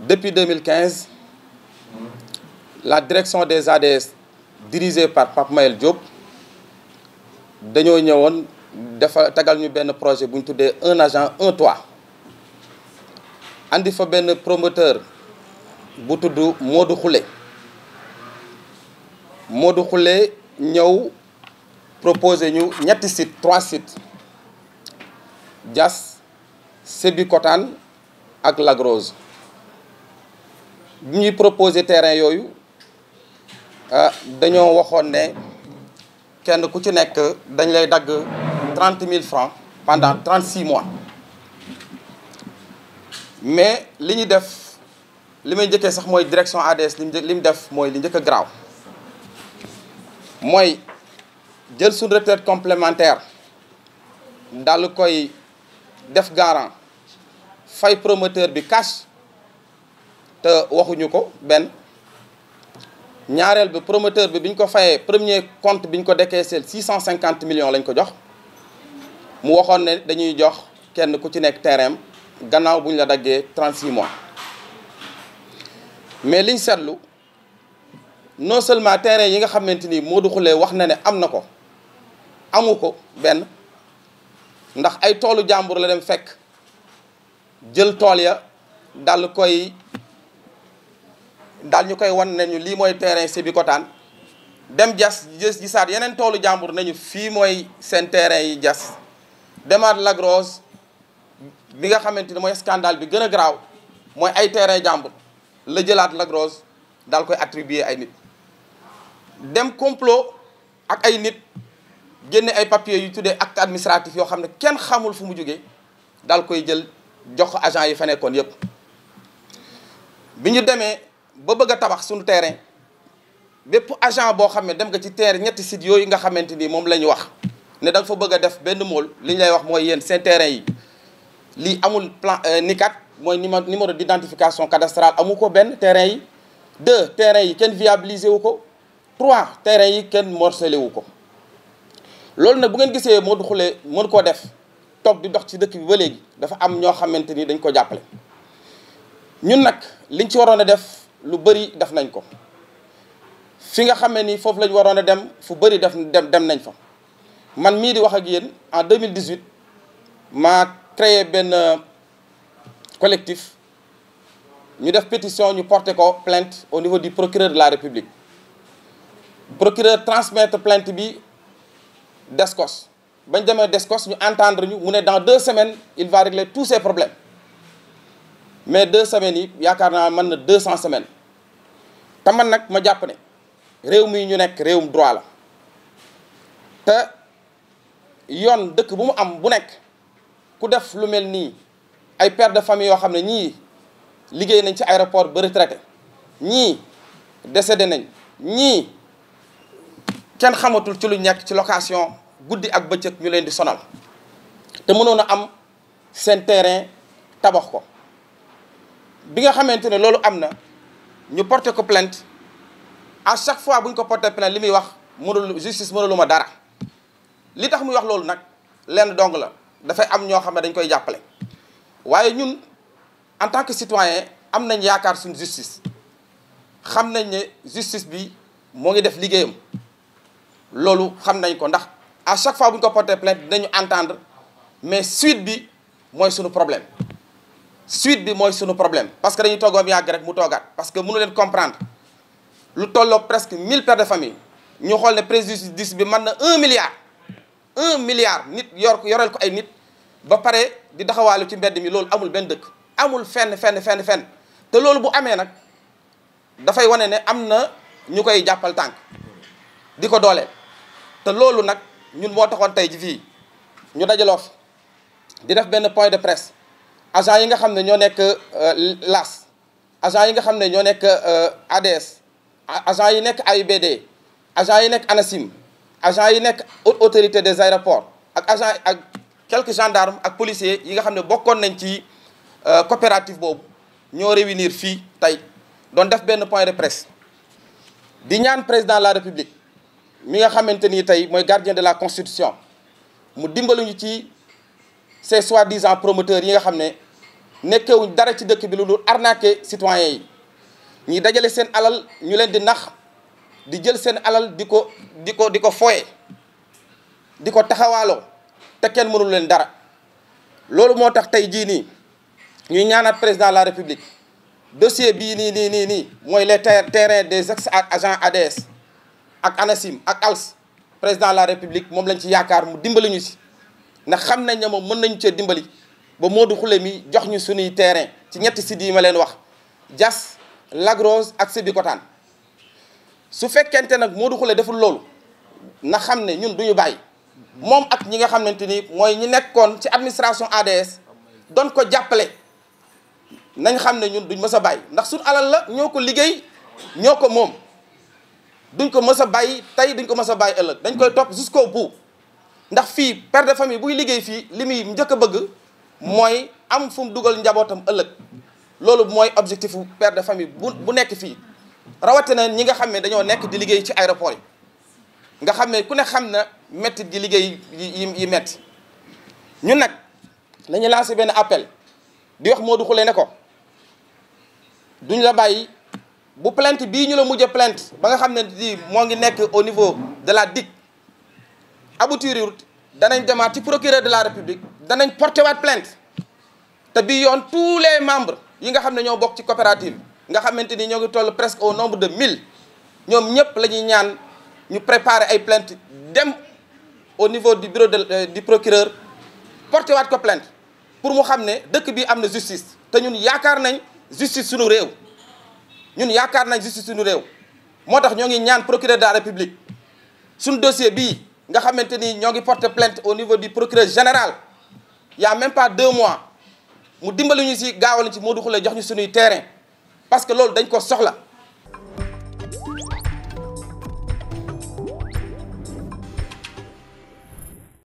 Depuis 2015, la direction des ADS dirigée par Pape Mayel Diop dañoo ñëwoon dafa tagal ñu benn projet bu ñu tuddee un agent un toit indi fa benn promoteur bu tudd Modou Khoule Modou Khoule ñëw proposé ñu ñetti site trois sites jas Diass Sébikotane ak Lac Rose ñuy proposer terrain yooyu ah dañoo waxoon ne kenn ku ci nekk dañ lay dagg trente mille francs pendant trente six mois mais li ñu def li may njëkkee sax mooy direction ADS li mu li mu def mooy li njëkk a mooy jël suñu retraite complémentaire daal koy. def garant fay promoteur bi cash te waxuñu ko benn ñaareel bi promoteur bi biñ ko fayee premier compte biñ ko cent cinquante millions lañ ko jox mu waxoon ne dañuy jox kenn ku ci nekk terrain gannaaw buñ la daggee 36 mois mais liñ seetlu non seulement terrain yi nga xamante ni Modou Khoule wax na ne am na ko amu ko benn ndax ay toolu jàmbur la dem fekk jël tool ya dal koy dal ñu koy wan nañu lii mooy terrain Sébikotane dem jas gis saat yeneen toolu jàmbur nañu fii mooy seen terrain yi jas demaat Lagrose bi nga xamante ne mooy scandale bi gën a garaaw mooy ay terrain jàmbur la jëlaat Lagrose dal koy attribuer ay nit dem complot ak ay nit génne ay papiers yu tuddee acte administratif yoo xam ne kenn xamul fu mu jógee daal koy jël jox agent yi fa nekkoon yépp bi ñu demee ba bëgg a tabax suñu terrain bépp agent boo xam ne dem nga ci terrain ñetti sites yooyu nga xamante ni moom la ñu wax ne da fa bëgg a def benn mool li ñu wax mooy yéen seen terrain yi lii amul plan euh, nikat mooy numéro d'identification cadastrale amu ko benn terrain yi deux terrain yi kenn viabilisé wu ko trois terrain yi kenn morcelé wu ko loolu nag bu ngeen gisee moo du xulee mën koo def toog di dox ci dëkk bi ba léegi dafa am ñoo xamante ni dañ ko jàppale ñun nag liñ ci waroon a def lu bëri def nañ ko fi nga xamee ni foofu lañu waroon a dem fu bari def dem dem nañ fa man mii di wax ak yéen en 2018 maa créé benn euh, collectif ñu def pétition ñu porté ko plainte au niveau du procureur de la république procureur transmettre plainte bi DESCOS bañ demee DESCOS ñu entendre ñu mu ne dans deux semaines il va régler tous ses problèmes mais deux semaines yi yaakaar naa mën na deux cent semaines te man nag ma jàpp ne réew mi ñu nekk réewum droit la te yoon dëkk bu mu am bu nekk ku def lu mel nii ay père de famille yoo xam ne ñii liggéey nañ ci aéroport ba retraité ñii décédé nañ ñii kenn xamatul ci lu ñàkk ci location guddi ak bëccëg ñu leen di sonal te mënoon a am seen terrain tabax ko bi nga xamante ne loolu am na ñu porte ko plainte à chaque fois bu ñu ko porté plainte li muy wax mënul justice mënulu ma dara li tax muy wax loolu nag lenn dong la dafay am ñoo xam ne dañ koy jàppale waaye ñun en tant que citoyen am nañ yaakaar suñ justice xam nañ ne justice bi moo ngi def liggéeyam loolu xam nañ ko ndax à chaque fois bu ñu ko porté plainte dañu entendre mais suite bi mooy suñu problème suite bi mooy suñu problème parce que dañuy toog am yàgg rek mu toogaat parce que mënu leen comprendre lu tolloog presque mille pères de famille ñu xool ne préjudice bi mën na un milliard un milliard nit yor ko yoreel ko ay nit ba pare di daxawaalu ci mbedd mi loolu amul benn dëkk amul fenn fenn fenn fenn te loolu bu amee nag dafay wane ne am na ñu koy jàppal tànk ko dooleel te loolu nag ñun moo taxoon tey ji fii ñu dajaloo di def benn point de presse agent yi nga xam ne ñoo nekk euh, LAS agent yi nga xam ne ñoo nekk euh, ADS agent yi nekk AIBD agent yi nekk ANACIM agent yi nekk autorité des aéroports ak agent ak quelques gendarmes ak policiers yi nga xam ne bokkoon nañ ci euh, coopérative boobu ñoo réunir fii tey doon def benn point de presse di ñaan président la république mi nga xamante ni tey mooy gardien de la constitution mu dimbaluñu ci ces soi-disant promoteurs yi nga xam ne nekkewuñ dara ci dëkk bi lu dul arnaqué citoyens yi ñi dajale seen alal ñu leen di nax di jël seen alal di ko di ko di ko fooye di ko taxawaaloo te kenn mënul leen dara loolu moo tax tey jii nii ñuy ñaanaat président de la république dossier bii nii nii nii nii mooy les terrains des ex agents ADS ak ANACIM ak ALS président de la république moom lañ ci yaakaar mu dimbali ñu si ndax xam nañ ne moom mën nañu cee dimbali ba Modou Khoule mi jox ñu suñuy terrain ci ñetti sites yi ma leen wax jas Lac Rose ak Sébikotane su fekkente nag Modou Khoule deful loolu na xam ne ñun duñu bàyyi moom ak ñi nga xamante ni mooy ñi nekkoon ci administration ADS doon ko jàppale nañ xam ne ñun duñ mës a bàyyi ndax suñu alal la ñoo ko liggéey ñoo ko moom duñ ko mës a bàyyi tey duñ ko mës a bàyyi ëllëg dañ koy topp jusqu'au bout ndax fii père de famille buy liggéey fii li muy njëkk bëgg mooy am fu dugal njabootam ëllëg loolu mooy objectif per de famille bu bu nekk fii rawatina ñi nga xam ne dañoo nekk di liggéey ci aéroport yi nga xam ne ku ne xam na métti gi liggéey yi yi metti ñun nag dañuy lancé benn appel di wax Modou Khoule ne ko duñ la bàyyi bu plainte bii ñu la mujj a plainte ba nga xam ne di moo ngi nekk au niveau de la DIC aboutir danañ demaat ci procureur de la république danañ porté waat plainte te bi yoon tous les membres yi nga xam ne ñoo bokk ci coopérative nga xamante ni ñoo ngi toll presque au nombre de mille ñoom ñëpp la ñuy ñaan ñu préparer ay plainte dem au niveau du bureau de euh, du procureur porté waat ko plainte pour mu xam ne dëkk bi am na justice te ñun yaakaar nañ justice suñu réew ñun yaakaar nañ justice suñu réew moo tax ñoo ngi ñaan procureur de la république suñu dossier bi nga xamante ni ñoo ngi porter plainte au niveau du procureur général y a même pas deux mois mu dimbali ñu si gaawal ci moo Modou Khoule jox ñu suñuy terrain parce que loolu dañ ko soxla.